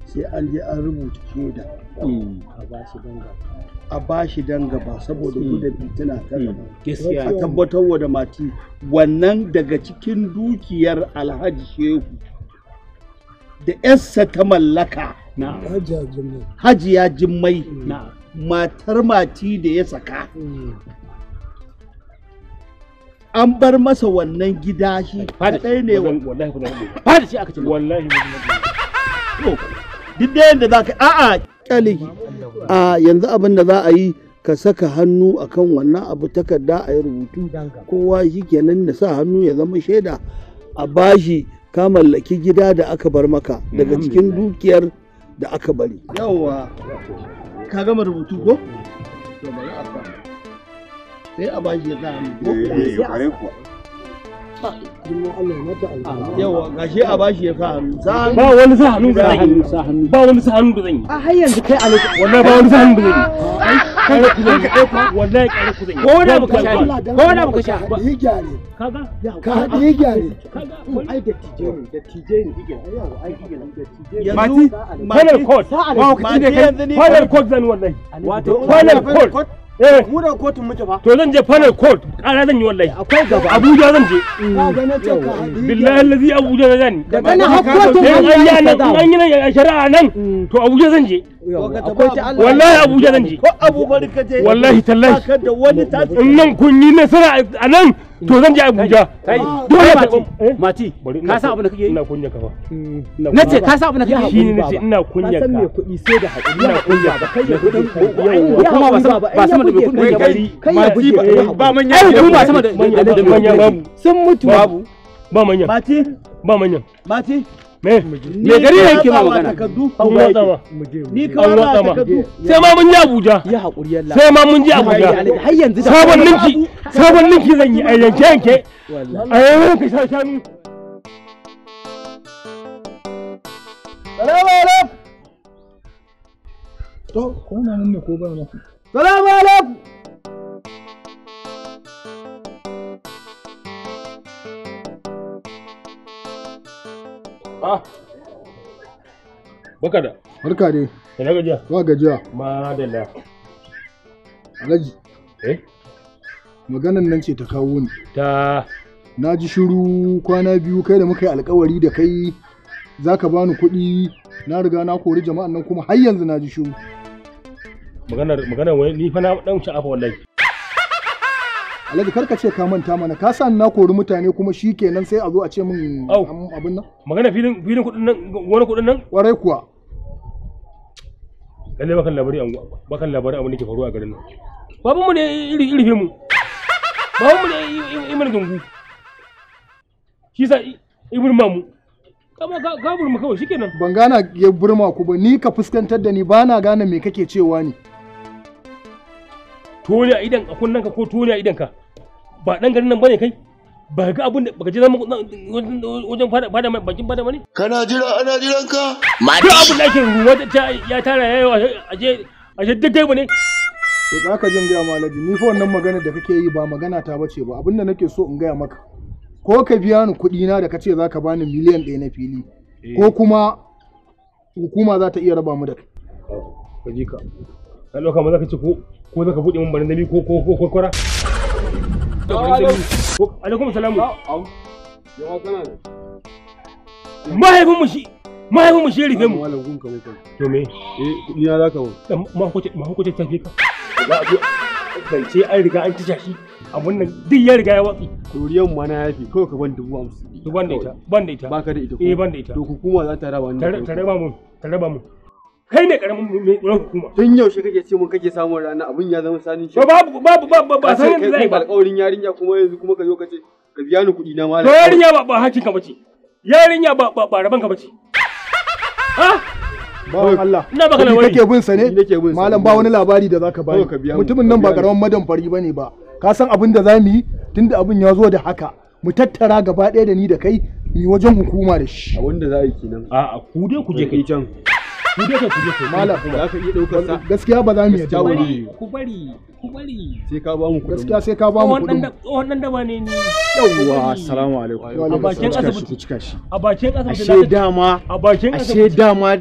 sai an je an rubuta shaida hmm. a ba shi dan gaba saboda hmm. gudun fitina ta hmm. gaba a tabbatar wa da mati wannan daga cikin dukiyar alhaji shehu da yarsa ta mallaka hajiya jimmai matar mati da ya saka an bar masa wannan gida shi kadai ne wallahi shi aka ce wallahi duk da yadda za ka a'a kyaliki a yanzu abin da za a yi ka saka hannu akan wannan abu takarda a yi rubutu kowa shi kenan da sa hannu ya zama shaida a bashi ka mallaki gida da aka bar maka daga cikin dukiyar da aka bari yawa ka gama rubutu ko? sai a bashi ya eh, eh, yawa gashi a bashi ya sa hannu ba wani sa hannu da zan yi ba wani sa hannu da zan yi a har yanzu kai a lokacin ba wani sa hannu da zan yi wallahi kare ku zan yi ko da baka sha ko sha yi gyare kaga ka yi gyare hmm, ai da tije ne da tije ne ai tije ne mati ba ku tije zan wallahi wato Eh. Mu da kotun muke fa. To zan je panel court. Kara zan yi wallahi. Akwai gaba. Abuja zan je. Billahi allazi Abuja zan. Da kana har kotun yi nan an yi shari'a nan. Mm. To Abuja zan je. wallahi abuja nan ji je wallahi tallahi in nan kun yi nasara a nan to zan je abuja dole mati mati ka san abin da kake yi ina kunya kafa fa nace ka san abin da kake yi shine nace ina kunya ka san me kudi sai da hakuri ina kunya ka kai ya kuma ba sama ba sama da me kuɗi gari mati ba manya ba sama da manya ba sun mutu babu ba manya mati ba manya mati me me gari ne yake ma magana an ni ka watsa ma sai ma mun je Abuja ya hakuri Allah sai ma mun je Abuja har yanzu sabon ninki sabon ninki zan yi a yanke yanke a yanke ka shanu Salamu alaikum. To, ko na ne ko ba na? Salamu alaikum. Ah. Baka da. Barka dai. Ina gajiya. Ba gajiya. Madalla. Alhaji. Eh? Maganan nan ce ta kawo ni. Ta. Na ji shiru kwana biyu kai da muka yi alkawari da kai za ka bani kuɗi na riga na kori jama'an nan kuma har yanzu na ji shiru. Maganar maganar ni fa na dan sha'afa wallahi. alhaji kar ka ce ka manta mana ka san na kori mutane kuma shi kenan sai a zo a ce min abin nan magana filin filin kudin nan wani kudin nan warai kuwa lalle bakan labari an bakan labari abin da ke faruwa a garin nan babanmu ne iri iri mu babanmu ne imin gungu shi sa ibn mamu kama ga burma kawai shikenan ban gana ya burma ku ba ni ka fuskantar da ni ba na gane me kake cewa ne tone a idan a kunnen ko tone a idan ka ba dan garin nan bane kai ba ga abin da baka je wajen fada fada mai bakin fada mai kana jira ana jiran ka ma abin da ake ruwa ya tara yayi a aje duk dai bane to za ka jin gaya malaji ni fa wannan magana da kake yi ba magana ta bace ba abin da nake so in gaya maka ko ka biya ni kuɗi na da kace zaka bani miliyan 1 na fili eh. ko kuma hukuma za ta iya raba mu da kai ka ji ka ka lokacin ma ce ko ko zaka bude mun barandami ko ko ko kwara alaikum salamu mahaifin mu shi mahaifin mu shi rufe mu malam gun ka wuka to me eh ni na zaka wani ma hukuce ma hukuce ta fi ka kai ce an riga an tisha shi a wannan duk ya riga ya watsi doriyan ma na yafi kawai ka ban dubu hamsin ban da ita ban da ita Ba baka da ita eh ban da ita to hukuma za ta raba ni ta raba mu ta raba mu kai ne karamin mai tsoron hukuma tun yaushe kake ce mun kake samun rana abun ya zama sanin shi babu babu babu ba sanin yadda zai ba alƙawarin yarinya kuma yanzu kuma ka zo ka ce ka biya ni kuɗi na malam yarinya ba ba hakin ka bace yarinya ba ba raban ka bace ha bawan Allah ina baka labari kake bin sa ne malam ba wani labari da zaka bani mutumin nan ba karaman madan fari bane ba ka san abin da zamu yi tunda abin ya zo da haka mu tattara gaba ɗaya da ni da kai mu wajen hukuma da shi abin da za a yi kenan a'a ku dai ku je kai can ku je ka ku je ka malam za ka iya daukar sa gaskiya ba za mu ku bari ku bari sai ka ba mu gaskiya sai ka ba mu ni assalamu alaikum a bakin asibiti a bakin asibiti ashe dama ashe dama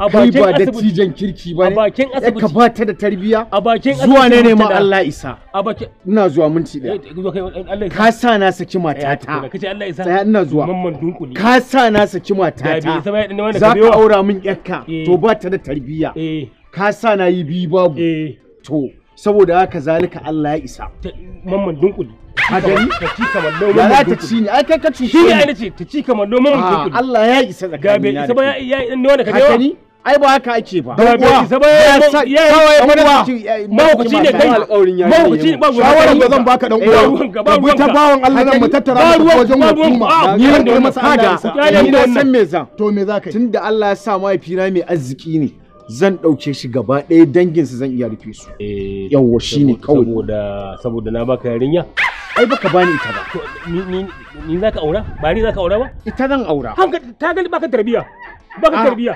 a bakin ba dattijan kirki ba ne a bakin asibiti ka ba ta da tarbiya a bakin asibiti zuwa ne ne ma Allah isa a bakin ina zuwa minti daya ka sa na saki matata kace Allah isa tsaya ina zuwa mamman dunkuni ka sa na saki matata za ka aura min yakka to ba ta da tarbiya ka sa na yi bi babu to saboda haka zalika Allah ya isa mamman dunkuli a gari ta ci kamar domin ya ta ci ne ai kai ka ci shi ne ta ci kamar domin dunkuli Allah ya isa tsakanin ga bai isa ba ya ne wanda ka gani ai ba haka ake ba ba ba isa ba ya kawai eh, ba mahaukaci ne kai mahaukaci ba ruwa shawara ba zan baka dan uwa ba bu ta bawon Allah nan mu tattara mu wajen hukuma ni ran da masa aga ni da san me za to me za kai tunda Allah ya sa mahaifina mai arziki ne zan ɗauke shi gaba ɗaya danginsa zan iya rufe su eh, yawa shine kawai saboda saboda na baka yarinya ai baka bani ita ba ni ni ka aura ba ni zaka ka aura ba ita zan aura ta gani baka tarbiya baka ah. tarbiya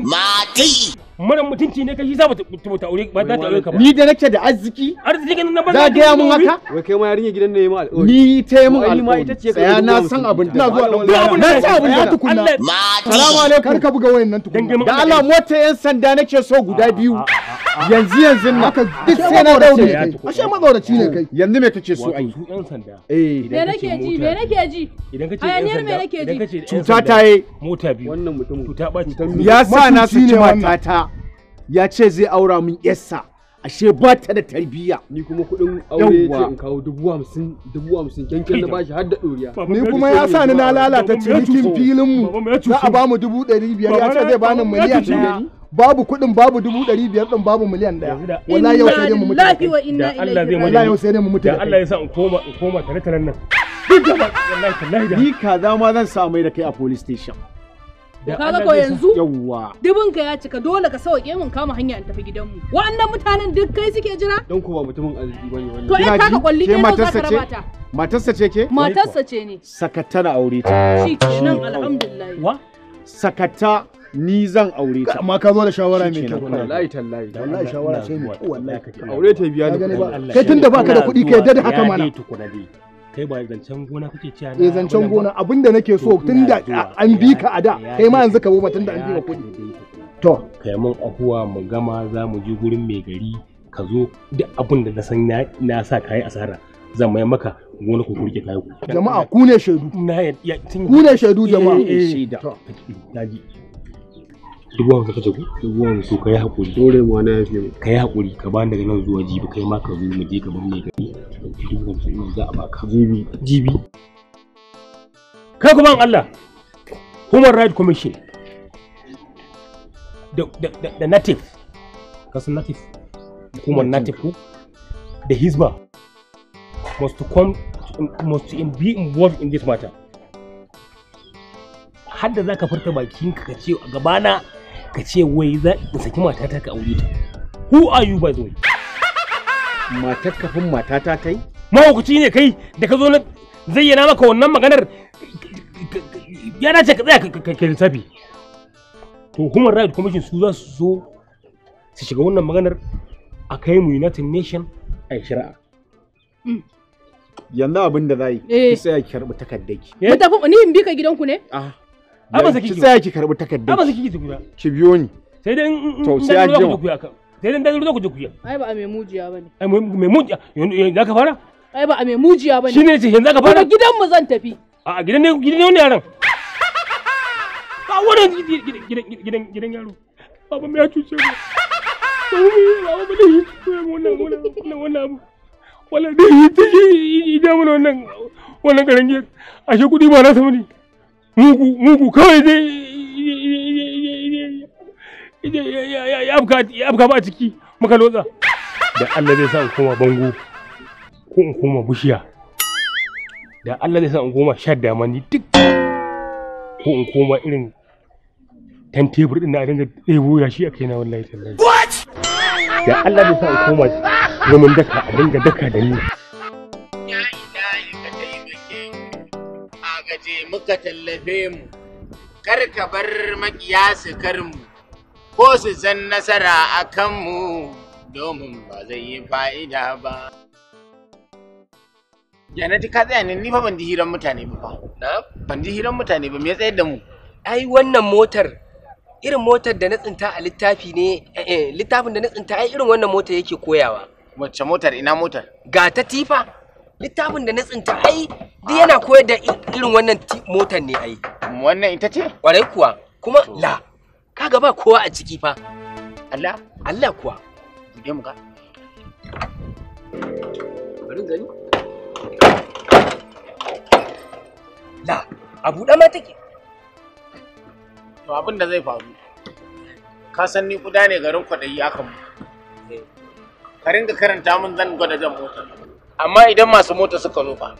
Mati! mara mutunci ne kai za ba ta aure ba za ta aure ka ba ni da nake da arziki arziki kan na banza ga mun haka wai kai ma yarinya gidan ne ma alƙawari ni ta mun alƙawari tsaya na san abin da zuwa dan na san abin da tukunna assalamu alaikum kar ka buga wayannan tukunna da Allah mota yan sanda nake so guda biyu yanzu yanzu na ka duk sai na daure kai ashe matsauraci ne kai yanzu me kace so ai yan sanda eh me nake ji me nake ji idan kace yan sanda idan kace cuta ta yi mota biyu wannan mutum cuta ba ya sa na su cewa tata ya ce zai aura min yassa ashe ba ta da tarbiyya ni kuma kuɗin aure ce in kawo dubu hamsin dubu hamsin kyankyan da bashi har da ɗoriya ni kuma ya sa ni na lalata cinikin filin mu za a bamu dubu ɗari biyar ya ce zai bani miliyan ɗaya babu kuɗin babu dubu ɗari biyar ɗin babu miliyan ɗaya wala yau sai dai mu mutu da Allah zai wala yau sai dai mu mutu da Allah ya sa in koma in koma tare tare nan ni kaza ma zan samu da kai a police station kaga ko yanzu dubin ka ya cika dole ka sauke mun kama hanya in tafi gidanmu wa'annan mutanen duk kai suke jira don ko ba mutumin arziki bane wannan to in kaka kwalli ne za ka raba ta matarsa ce ke matarsa ce ne sakatta na aure ta shi nan alhamdulillah wa sakatta ni zan aure ta amma ka zo da shawara mai kyau wallahi tallahi wallahi shawara sai mu wallahi aure ta biya ni kai tunda baka da kuɗi ka yadda da haka mana kai ba zancen gona kake ciya na eh, zancen gona abinda nake so tun da an bi ka a da kai ma yanzu ka boma tun da an bi ka kuɗi to kai mun afuwa mu gama za mu je gurin mai gari ka zo duk abin da na san na sa kai asara zan mai maka gona ku kurke kayan jama'a ku ne shaidu ku ne shaidu eh, jama'a eh, dubu wani ka tafi dubu hamsin ka yi hakuri. dole mu wani yafi mu ka yi haƙuri ka bani daga nan zuwa jibi kai ma ka zo mu je ka bar mai gari ɗauki dubu hamsin za a baka jibi jibi kai kuma Allah Human Rights Commission da da da native ka san native hukumar native ko da Hizba must come must be involved in this matter har da za ka furta bakinka ka ce a gabana ka ce wai za in saki matata ka aure ta who are you by the way matar kafin matata ta yi mahaukaci ne kai da ka zo na zayyana maka wannan maganar ya dace ka tsaya ka lissafi to human rights commission su za su zo su shiga wannan maganar a kai mu united nation a shari'a mm. yanzu abin da za yi eh. sai ya karɓi takardaki. Eh? Mu ni in bi ka gidanku ne? Ah. amma saki ki tsaya ki karbi takardar amma saki ki yi ki biyo ni sai dai to sai an jima sai dai dan ku je ku yi ai ba a mai mujiya bane ai mai mujiya yanzu ka fara ai ba a mai mujiya bane shine ce yanzu ka fara gidan mu zan tafi a gidan ne gidan ne wannan yaron gidan gidan gidan yaro baba cuce mu baba cuce mu wannan wannan wannan abu wala dai yi mun wannan wannan ashe kudi ba na samu ne mugu kawai dai ya abka ba a ciki maka lotsa da Allah zai sa in koma bango ko in koma bushiya da Allah zai sa in koma shan damani duk ko in koma irin tan tebur din da a dinga ɗebo ya shi a na wallahi tallahi da Allah zai sa in koma zaman daka a dinga daka da ni muka je muka tallafe mu kar ka bar makiya su karmu ko su zan nasara a kanmu domin ba zai yi fa'ida ba yanati ka tsaya ne ni fa ban ji hiran mutane ba fa ban ji hiran mutane ba me ya tsayar da mu ai wannan motar irin motar da na tsinta a littafi ne eh, eh, littafin da na tsinta ai irin wannan motar yake koyawa wacce motar ina motar ga ta tifa littafin da na tsinta ai duk yana koyar da irin wannan motar ne ai wannan ita ce kwarai kuwa kuma la kaga ba kowa a ciki fa Allah Allah kuwa bude mu ga bari gani la a buɗe ma take to abin da zai faru ka san ni kuda ne garin kwaɗayi akan mu eh. ka ringa karanta mun zan gwada jan motar amma idan masu mota suka zo fa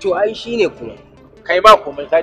to ai shine kuma kai ba komai kai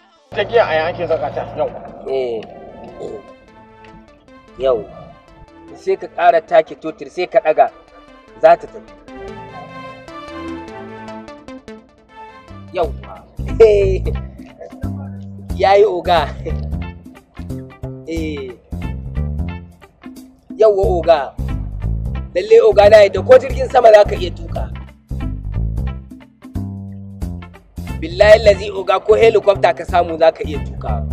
a yankin zakata yau eh yau sai ka ƙara take totir sai ka ɗaga za ta tafi yau ya yi oga eh. Yau wa oga lalle oga na yadda ko jirgin sama za ka iya tuka billahi lazi uga ko helikwafta ka samu za ka iya tuka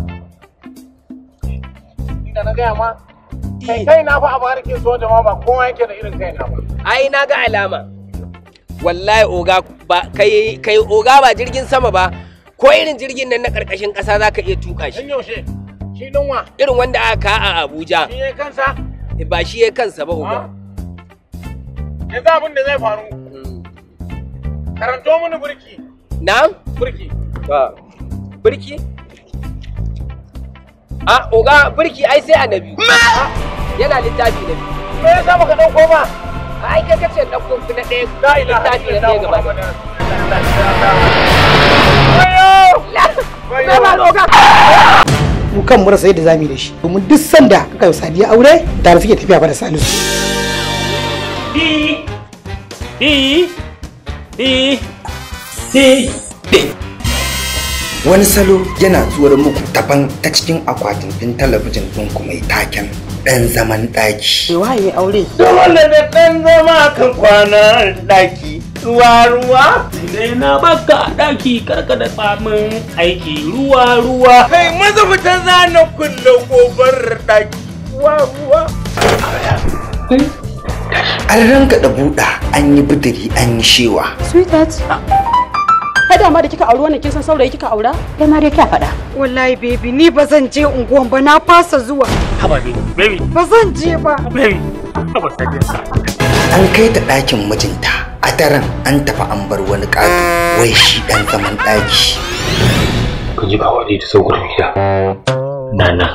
da na gaya ma kai eh. na fa a bari ke so jama'a ba kowa yake da irin kai na ba ai na ga alama wallahi uga ba kai kai uga ba jirgin sama ba ko irin jirgin nan na karkashin kasa za ka iya tuka shi yaushe shi dinwa irin wanda aka ka a Abuja shi eh, kansa ba shi ya kansa ba uga ah. yanzu abin da zai faru hmm. karanto mini burki na'am Birki. Ba. Birki? A oga birki ai sai annabi. Yana littafi na biyu. Me yasa baka dauko ba? Ai kai kace na ko na ɗaya. Da ila littafi na ɗaya gaba. Wayo! Wayo! oga. mu kan mura sai da zamu da shi domin duk sanda kuka yi sadiya aure da suke tafiya da salisu di di di di wani salo yana zuwar muku daban ta cikin akwatin fin talabijin ɗinku mai taken ɗan zaman ɗaki. Waye aure? Zaman da ɗan zama kan kwana ɗaki. Ruwa ruwa? Dai na baka a ɗaki karka da samun aiki ruwa ruwa. Kai maza fita za na kulle gobar ɗaki. Ruwa ruwa. An ranka da buɗa an yi bidiri an yi shewa. Sweetheart. Ka dama da kika auri wannan kin san saurayi kika aura kai ma dai kya faɗa wallahi baby ni ba zan je unguwan ba na fasa zuwa haba baby ba zan je ba baby an kai ta ɗakin mijinta a daren an tafi an bar wani ƙato wai shi ɗan zaman ɗaki Ku ji ba wani da sauƙin gida nana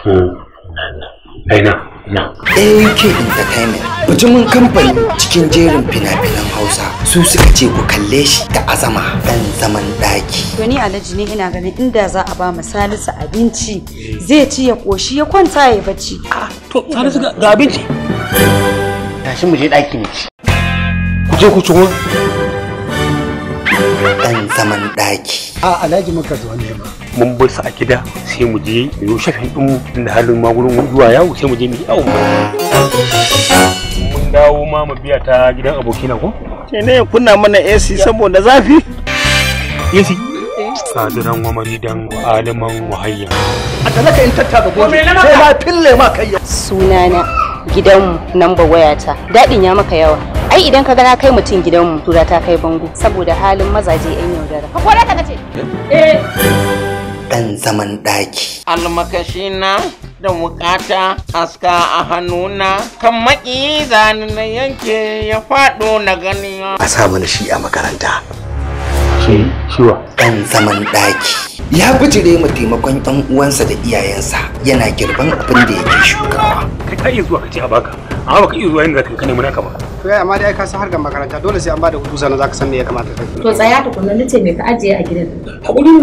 hmm. nana aina na AUK Entertainment bijimin kamfani cikin jerin fina-finan Hausa su suka ce ku kalle shi da azama dan zaman daki. To ni Alhaji ne ina ganin inda za a ba ma Salisu abinci zai ci ya koshi ya kwanta ya bacci. To Salisu ga abinci. Tashi mu je daki ci. Ku je ku ci dan zaman daki a alhaji muka zo ma mun bar su a gida sai mu je yau shafin din inda da halin magurin zuwa yawo sai mu je mu yi yawo mun dawo ma mu biya ta gidan abokina ko ke ne kunna mana AC saboda zafi AC kadiran wamari dan aliman wahayya a talaka in tattaka gobe sai ma fille ma kai sunana gidanmu namba wayata daɗin ya maka yawa ai idan ka gana kai mutum gidanmu tura ta kai bango saboda halin mazaje yan yaudara ka kore ka kace eh dan zaman ɗaki almakashi na da wukata aska a hannuna kan maki zani na yanke ya faɗo na gani a sa mana shi a makaranta aka shiwa ɗan zaman ɗaki ya bijire mu taimakon ɗan uwansa da iyayensa yana girban abin da yake shukawa kai ka iya zuwa ka ci a baka amma baka iya zuwa yin zaka kana munaka ba to ya amma dai ka san harkar makaranta dole sai an bada hutu sannan zaka san me ya kamata ka to tsaya tukunna nace me ka ajiye a gidan hakurin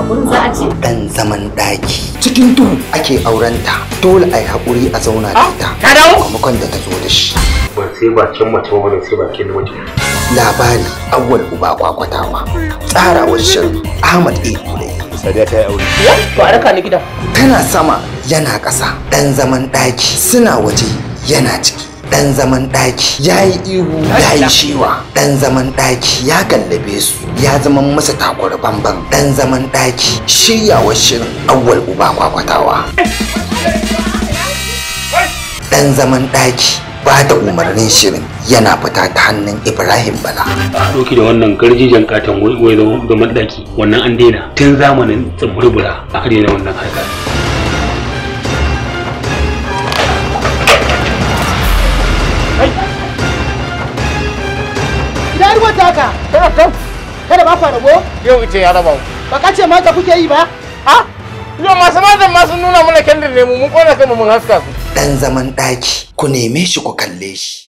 hakurin za a ce dan zaman ɗaki cikin duhu ake aurenta dole ai hakuri a zauna da ah, ita ka dawo da ta zo da shi ban sai ba can mace ba sai ba kin mace. labari awwal uba kwakwatawa wa shirin ahmad a kure sadiya ta yi aure to araka ni gida tana sama yana ƙasa ɗan zaman ɗaki suna waje yana ciki ɗan zaman ɗaki ya yi ihu ya yi shewa ɗan zaman ɗaki ya gallabe su ya zama masa takwar bamban ɗan zaman ɗaki wa shirin awwal uba kwakwatawa eh. ɗan zaman ɗaki ba da umarnin shirin yana fita ta hannun ibrahim bala doki da wannan garjijan katon wai da mandaki wannan an daina tun zamanin tsibirbura a daina wannan harka Ina ruwan taka? Kada ba ku rabo? Yau ita ya raba. Ba ka ce mata kuke yi ba? Ah? Yau masu mazan ma sun nuna mana kyandir ne mu mun kona kai mu mun haska su. Dan zaman ɗaki ku neme shi ku kalle shi.